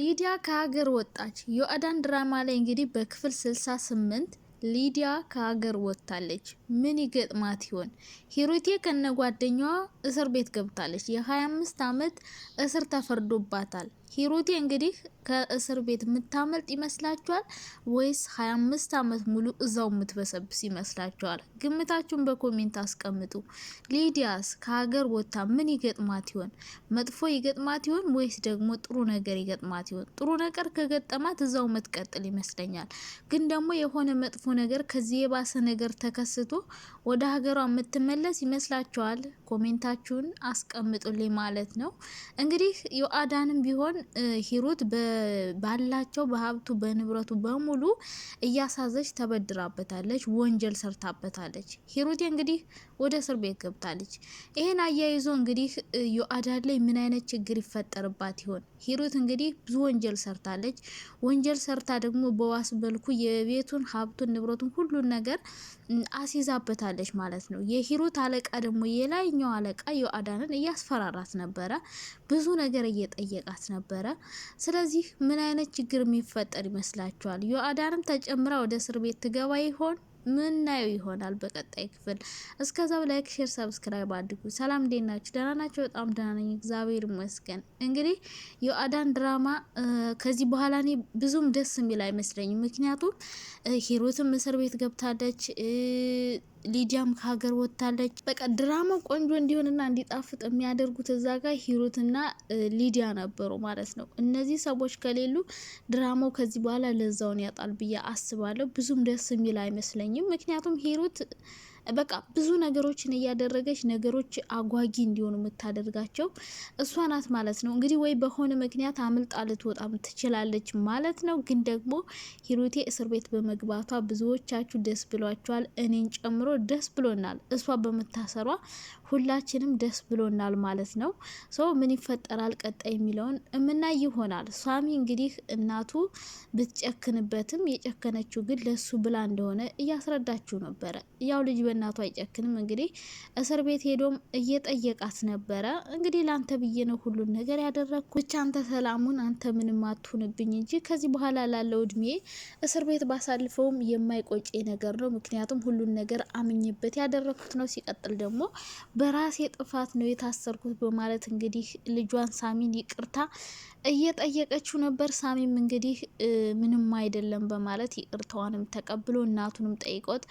ሊዲያ ከሀገር ወጣች። ዮአዳን ድራማ ላይ እንግዲህ በክፍል ስልሳ ስምንት ሊዲያ ከሀገር ወጥታለች። ምን ይገጥማት ይሆን? ሂሩቴ ከነ ጓደኛዋ እስር ቤት ገብታለች። የ25 ዓመት እስር ተፈርዶባታል። ሂሩቴ እንግዲህ ከእስር ቤት የምታመልጥ ይመስላችኋል ወይስ 25 ዓመት ሙሉ እዛው የምትበሰብስ ይመስላችኋል? ግምታችሁን በኮሜንት አስቀምጡ። ሊዲያስ ከሀገር ወጥታ ምን ይገጥማት ይሆን? መጥፎ ይገጥማት ይሆን ወይስ ደግሞ ጥሩ ነገር ይገጥማት ይሆን? ጥሩ ነገር ከገጠማት እዛው መትቀጥል ይመስለኛል። ግን ደግሞ የሆነ መጥፎ ነገር ከዚህ የባሰ ነገር ተከስቶ ወደ ሀገሯ የምትመለስ ይመስላችኋል? ኮሜንታችሁን አስቀምጡልኝ ማለት ነው። እንግዲህ የአዳንም ቢሆን ሂሩት ባላቸው በሀብቱ በንብረቱ በሙሉ እያሳዘች ተበድራበታለች፣ ወንጀል ሰርታበታለች። ሂሩቴ እንግዲህ ወደ እስር ቤት ገብታለች። ይሄን አያይዞ እንግዲህ ዮአዳን ላይ ምን አይነት ችግር ይፈጠርባት ይሆን? ሂሩት እንግዲህ ብዙ ወንጀል ሰርታለች። ወንጀል ሰርታ ደግሞ በዋስ በልኩ የቤቱን ሀብቱን ንብረቱን ሁሉን ነገር አስይዛበታለች ማለት ነው። የሂሩት አለቃ ደግሞ የላይኛው አለቃ ዮአዳንን እያስፈራራት ነበረ፣ ብዙ ነገር እየጠየቃት ነበር። ነበረ። ስለዚህ ምን አይነት ችግር የሚፈጠር ይመስላችኋል? ዮአዳንም ተጨምራ ወደ እስር ቤት ትገባ ይሆን? ምናየው ይሆናል በቀጣይ ክፍል። እስከዛው ላይክ፣ ሼር፣ ሰብስክራይብ አድርጉ። ሰላም እንዴት ናችሁ? ደህና ናቸው? በጣም ደህና ነኝ እግዚአብሔር ይመስገን። እንግዲህ የአዳን ድራማ ከዚህ በኋላ እኔ ብዙም ደስ የሚል አይመስለኝም። ምክንያቱም ሂሩትም እስር ቤት ገብታለች። ሊዲያም ከሀገር ወጥታለች። በቃ ድራማ ቆንጆ እንዲሆንና እንዲጣፍጥ የሚያደርጉት እዛ ጋር ሂሩትና ሊዲያ ነበሩ ማለት ነው። እነዚህ ሰዎች ከሌሉ ድራማው ከዚህ በኋላ ለዛውን ያጣል ብዬ አስባለሁ። ብዙም ደስ የሚል አይመስለኝም። ምክንያቱም ሂሩት በቃ ብዙ ነገሮችን እያደረገች ነገሮች አጓጊ እንዲሆኑ የምታደርጋቸው እሷ ናት ማለት ነው። እንግዲህ ወይ በሆነ ምክንያት አምልጣ ልትወጣም ትችላለች ማለት ነው። ግን ደግሞ ሂሩቴ እስር ቤት በመግባቷ ብዙዎቻችሁ ደስ ብሏቸዋል። እኔን ጨምሮ ደስ ብሎናል። እሷ በምታሰሯ ሁላችንም ደስ ብሎናል ማለት ነው። ሰው ምን ይፈጠራል ቀጣይ የሚለውን የምናይ ይሆናል። ሳሚ እንግዲህ እናቱ ብትጨክንበትም የጨከነችው ግን ለሱ ብላ እንደሆነ እያስረዳችው ነበረ። ያው ልጅ በእናቱ አይጨክንም። እንግዲህ እስር ቤት ሄዶም እየጠየቃት ነበረ። እንግዲህ ለአንተ ብዬ ነው ሁሉን ነገር ያደረግኩ፣ ብቻ አንተ ሰላሙን አንተ ምንም አትሁንብኝ እንጂ ከዚህ በኋላ ላለው እድሜ እስር ቤት ባሳልፈውም የማይቆጨኝ ነገር ነው። ምክንያቱም ሁሉን ነገር አምኜበት ያደረግኩት ነው። ሲቀጥል ደግሞ በራሴ ጥፋት ነው የታሰርኩት በማለት እንግዲህ ልጇን ሳሚን ይቅርታ እየጠየቀችው ነበር። ሳሚም እንግዲህ ምንም አይደለም በማለት ይቅርታዋንም ተቀብሎ እናቱንም ጠይቆት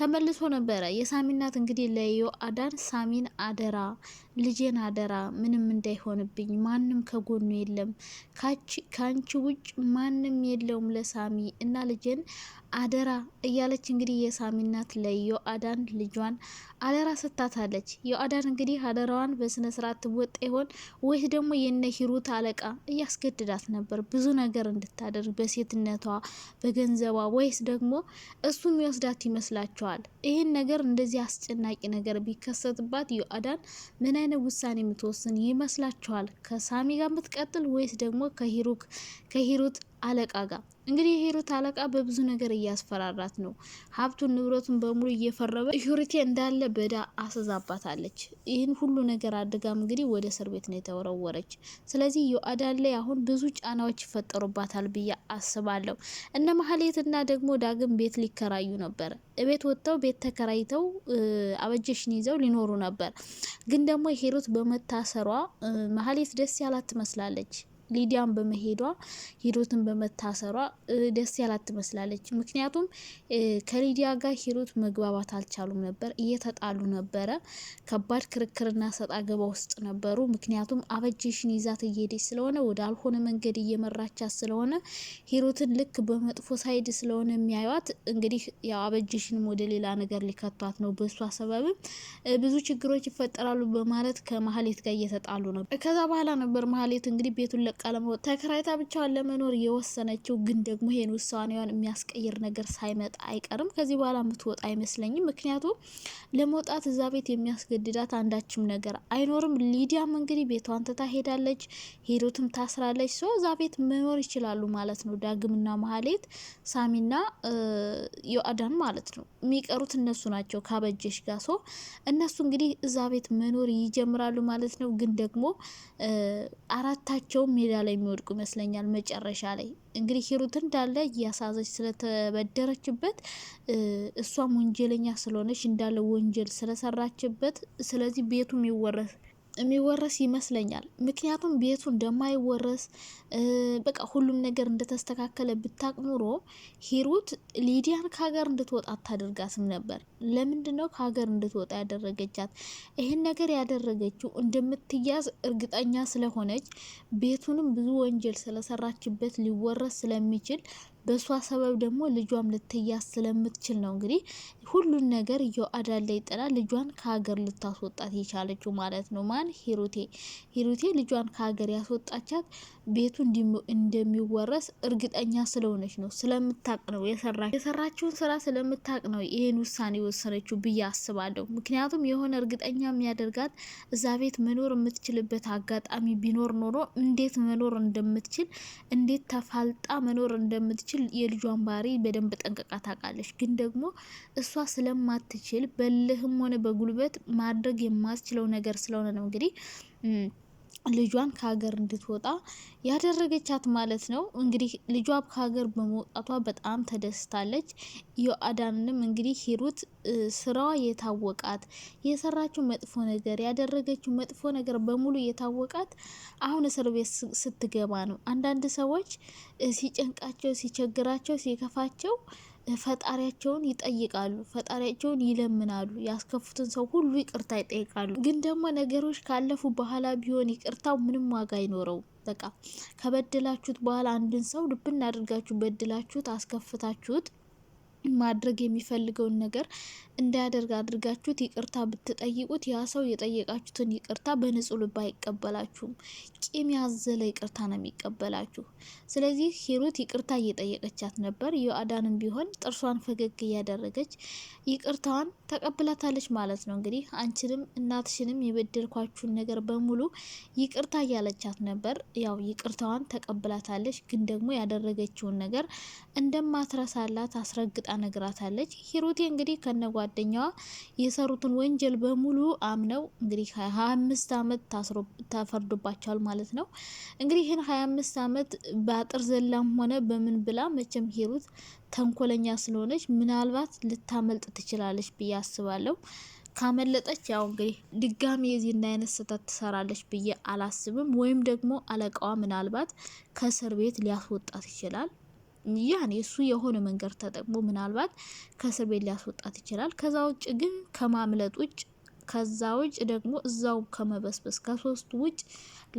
ተመልሶ ነበረ። የሳሚ እናት እንግዲህ ለዮ አዳን ሳሚን አደራ፣ ልጄን አደራ፣ ምንም እንዳይሆንብኝ ማንም ከጎኑ የለም፣ ከአንቺ ውጭ ማንም የለውም ለሳሚ እና ልጄን አደራ እያለች እንግዲህ የሳሚናት እናት ለዮአዳን ልጇን አደራ ስታታለች። ዮአዳን እንግዲህ አደራዋን በስነ ስርዓት ትወጣ ይሆን ወይስ ደግሞ የነ ሂሩት አለቃ እያስገድዳት ነበር ብዙ ነገር እንድታደርግ በሴትነቷ በገንዘቧ፣ ወይስ ደግሞ እሱ የሚወስዳት ይመስላችኋል? ይህን ነገር እንደዚህ አስጨናቂ ነገር ቢከሰትባት ዮአዳን ምን አይነት ውሳኔ የምትወስን ይመስላችኋል? ከሳሚ ጋር የምትቀጥል ወይስ ደግሞ ከሂሩት አለቃ ጋር እንግዲህ የሂሩት አለቃ በብዙ ነገር እያስፈራራት ነው። ሀብቱን ንብረቱን በሙሉ እየፈረበ ሹሪቴ እንዳለ በዳ አስዛባታለች። ይህን ሁሉ ነገር አድጋም እንግዲህ ወደ እስር ቤት ነው የተወረወረች። ስለዚህ ዮአዳን ላይ አሁን ብዙ ጫናዎች ይፈጠሩባታል ብዬ አስባለሁ። እነ ማህሌትና ደግሞ ዳግም ቤት ሊከራዩ ነበር። ቤት ወጥተው ቤት ተከራይተው አበጀሽን ይዘው ሊኖሩ ነበር። ግን ደግሞ ሂሩት በመታሰሯ መሀሌት ደስ ያላት ትመስላለች። ሊዲያን በመሄዷ ሂሩትን በመታሰሯ ደስ ያላት ትመስላለች። ምክንያቱም ከሊዲያ ጋር ሂሩት መግባባት አልቻሉም ነበር፣ እየተጣሉ ነበረ። ከባድ ክርክርና ሰጣ ገባ ውስጥ ነበሩ። ምክንያቱም አበጀሽን ይዛት እየሄደች ስለሆነ ወደ አልሆነ መንገድ እየመራቻት ስለሆነ ሂሩትን ልክ በመጥፎ ሳይድ ስለሆነ የሚያዩት እንግዲህ ያው አበጀሽንም ወደ ሌላ ነገር ሊከቷት ነው። በእሷ ሰበብም ብዙ ችግሮች ይፈጠራሉ በማለት ከማህሌት ጋር እየተጣሉ ነበር። ከዛ በኋላ ነበር ማህሌት እንግዲህ ቤቱን ለቀ ለመሆን ተከራይታ ብቻዋን ለመኖር የወሰነችው ግን ደግሞ ይሄን ውሳኔዋን የሚያስቀይር ነገር ሳይመጣ አይቀርም። ከዚህ በኋላ የምትወጣ አይመስለኝም። ምክንያቱም ለመውጣት እዛ ቤት የሚያስገድዳት አንዳችም ነገር አይኖርም። ሊዲያም እንግዲህ ቤቷን ትታ ሄዳለች፣ ሄዶትም ታስራለች። ሶ እዛ ቤት መኖር ይችላሉ ማለት ነው። ዳግምና መሀሌት፣ ሳሚና ዮአዳን ማለት ነው። የሚቀሩት እነሱ ናቸው ካበጀሽ ጋር ሶ እነሱ እንግዲህ እዛ ቤት መኖር ይጀምራሉ ማለት ነው። ግን ደግሞ አራታቸውም ሜዳ ላይ የሚወድቁ ይመስለኛል። መጨረሻ ላይ እንግዲህ ሂሩት እንዳለ እያሳዘች ስለተበደረችበት እሷም ወንጀለኛ ስለሆነች እንዳለ ወንጀል ስለሰራችበት ስለዚህ ቤቱም ይወረስ የሚወረስ ይመስለኛል። ምክንያቱም ቤቱ እንደማይወረስ በቃ ሁሉም ነገር እንደተስተካከለ ብታቅ ኑሮ ሂሩት ሊዲያን ከሀገር እንድትወጣ አታደርጋትም ነበር። ለምንድን ነው ከሀገር እንድትወጣ ያደረገቻት? ይህን ነገር ያደረገችው እንደምትያዝ እርግጠኛ ስለሆነች ቤቱንም ብዙ ወንጀል ስለሰራችበት ሊወረስ ስለሚችል በእሷ ሰበብ ደግሞ ልጇም ልትያዝ ስለምትችል ነው እንግዲህ ሁሉን ነገር እየዋዳ ላይ ጥላ ልጇን ከሀገር ልታስወጣት የቻለችው ማለት ነው። ማን ሂሩቴ። ሂሩቴ ልጇን ከሀገር ያስወጣቻት ቤቱ እንደሚወረስ እርግጠኛ ስለሆነች ነው፣ ስለምታቅ ነው። የሰራችውን ስራ ስለምታቅ ነው ይህን ውሳኔ የወሰነችው ብዬ አስባለሁ። ምክንያቱም የሆነ እርግጠኛ የሚያደርጋት እዛ ቤት መኖር የምትችልበት አጋጣሚ ቢኖር ኖሮ እንዴት መኖር እንደምትችል እንዴት ተፋልጣ መኖር እንደምትችል ስለምትችል የልጇን ባህሪ በደንብ ጠንቅቃ ታውቃለች። ግን ደግሞ እሷ ስለማትችል በልህም ሆነ በጉልበት ማድረግ የማስችለው ነገር ስለሆነ ነው እንግዲህ ልጇን ከሀገር እንድትወጣ ያደረገቻት ማለት ነው። እንግዲህ ልጇ ከሀገር በመውጣቷ በጣም ተደስታለች። የአዳንንም እንግዲህ ሂሩት ስራዋ የታወቃት የሰራችው መጥፎ ነገር ያደረገችው መጥፎ ነገር በሙሉ የታወቃት አሁን እስር ቤት ስትገባ ነው። አንዳንድ ሰዎች ሲጨንቃቸው፣ ሲቸግራቸው፣ ሲከፋቸው ፈጣሪያቸውን ይጠይቃሉ፣ ፈጣሪያቸውን ይለምናሉ፣ ያስከፉትን ሰው ሁሉ ይቅርታ ይጠይቃሉ። ግን ደግሞ ነገሮች ካለፉ በኋላ ቢሆን ይቅርታው ምንም ዋጋ አይኖረውም። በቃ ከበደላችሁት በኋላ አንድን ሰው ልብ አድርጋችሁ በድላችሁት፣ አስከፍታችሁት ማድረግ የሚፈልገውን ነገር እንዳያደርግ አድርጋችሁት ይቅርታ ብትጠይቁት ያ ሰው የጠየቃችሁትን ይቅርታ በንጹህ ልብ አይቀበላችሁም። ቂም ያዘለ ይቅርታ ነው የሚቀበላችሁ። ስለዚህ ሂሩት ይቅርታ እየጠየቀቻት ነበር። የአዳንም ቢሆን ጥርሷን ፈገግ እያደረገች ይቅርታዋን ተቀብላታለች ማለት ነው። እንግዲህ አንቺንም እናትሽንም የበደልኳችሁን ነገር በሙሉ ይቅርታ እያለቻት ነበር። ያው ይቅርታዋን ተቀብላታለች፣ ግን ደግሞ ያደረገችውን ነገር እንደማትረሳላት አስረግጣ ነግራታለች። ሂሩቴ እንግዲህ ከነጓ ጓደኛዋ የሰሩትን ወንጀል በሙሉ አምነው እንግዲህ ሀያ አምስት አመት ታስሮ ተፈርዶባቸዋል ማለት ነው። እንግዲህ ይህን ሀያ አምስት አመት በአጥር ዘላም ሆነ በምን ብላ መቼም ሄሩት ተንኮለኛ ስለሆነች ምናልባት ልታመልጥ ትችላለች ብዬ አስባለሁ። ካመለጠች ያው እንግዲህ ድጋሚ የዚህን አይነት ስህተት ትሰራለች ብዬ አላስብም። ወይም ደግሞ አለቃዋ ምናልባት ከእስር ቤት ሊያስወጣት ይችላል። ያኔ እሱ የሆነ መንገድ ተጠቅሞ ምናልባት ከእስር ቤት ሊያስወጣት ይችላል። ከዛ ውጭ ግን ከማምለጥ ውጭ ከዛ ውጭ ደግሞ እዛው ከመበስበስ ከሶስት ውጭ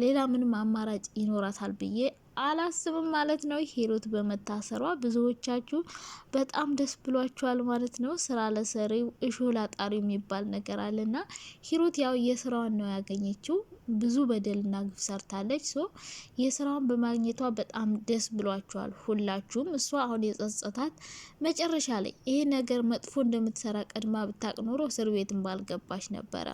ሌላ ምንም አማራጭ ይኖራታል ብዬ አላስብም ማለት ነው። ሂሩት በመታሰሯ ብዙዎቻችሁ በጣም ደስ ብሏችኋል ማለት ነው። ስራ ለሰሪው እሾህ ላጣሪው የሚባል ነገር አለና ሂሩት ያው የስራዋን ነው ያገኘችው። ብዙ በደልና ግፍ ሰርታለች። ሶ የስራውን በማግኘቷ በጣም ደስ ብሏቸዋል ሁላችሁም። እሷ አሁን የጸጸታት መጨረሻ ላይ ይሄ ነገር መጥፎ እንደምትሰራ ቀድማ ብታቅ ኖሮ እስር ቤትን ባልገባች ነበረ።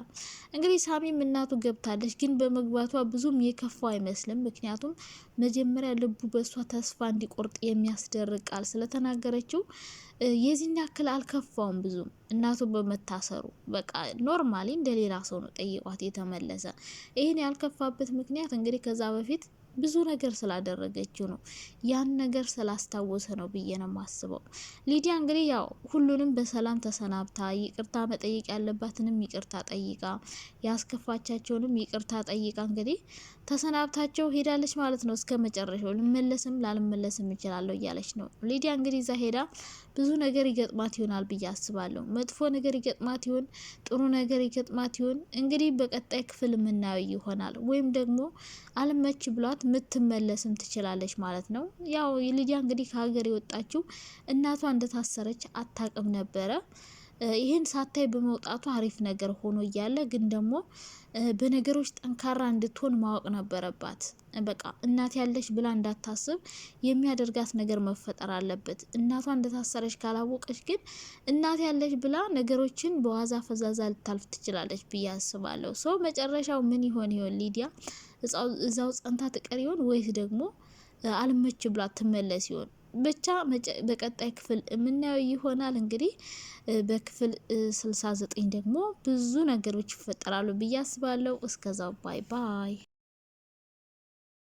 እንግዲህ ሳሚም እናቱ ገብታለች፣ ግን በመግባቷ ብዙም የከፋው አይመስልም። ምክንያቱም መጀመሪያ ልቡ በእሷ ተስፋ እንዲቆርጥ የሚያስደርግ ቃል ስለተናገረችው የዚህን ያክል አልከፋውም ብዙም እናቱ በመታሰሩ በቃ ኖርማሊ እንደ ሌላ ሰው ነው ጠይቋት የተመለሰ። ይህን ያልከፋበት ምክንያት እንግዲህ ከዛ በፊት ብዙ ነገር ስላደረገችው ነው። ያን ነገር ስላስታወሰ ነው ብዬ ነው የማስበው። ሊዲያ እንግዲህ ያው ሁሉንም በሰላም ተሰናብታ ይቅርታ መጠየቅ ያለባትንም ይቅርታ ጠይቃ ያስከፋቻቸውንም ይቅርታ ጠይቃ እንግዲህ ተሰናብታቸው ሄዳለች ማለት ነው። እስከ መጨረሻው ልመለስም ላልመለስም እችላለሁ እያለች ነው ሊዲያ። እንግዲህ እዛ ሄዳ ብዙ ነገር ይገጥማት ይሆናል ብዬ አስባለሁ። መጥፎ ነገር ይገጥማት ይሆን፣ ጥሩ ነገር ይገጥማት ይሆን? እንግዲህ በቀጣይ ክፍል የምናየው ይሆናል። ወይም ደግሞ አልመች ብሏት ምትመለስም ትችላለች ማለት ነው። ያው ሊዲያ እንግዲህ ከሀገር የወጣችው እናቷ እንደታሰረች አታቅም ነበረ። ይህን ሳታይ በመውጣቱ አሪፍ ነገር ሆኖ እያለ ግን ደግሞ በነገሮች ጠንካራ እንድትሆን ማወቅ ነበረባት። በቃ እናት ያለች ብላ እንዳታስብ የሚያደርጋት ነገር መፈጠር አለበት። እናቷ እንደታሰረች ካላወቀች ግን እናት ያለች ብላ ነገሮችን በዋዛ ፈዛዛ ልታልፍ ትችላለች ብዬ አስባለሁ። ሰው መጨረሻው ምን ይሆን ይሆን? ሊዲያ እዛው ጸንታ ትቀር ይሆን ወይስ ደግሞ አልመች ብላ ትመለስ ይሆን? ብቻ በቀጣይ ክፍል የምናየው ይሆናል። እንግዲህ በክፍል 69 ደግሞ ብዙ ነገሮች ይፈጠራሉ ብዬ አስባለሁ። እስከዛው ባይ ባይ።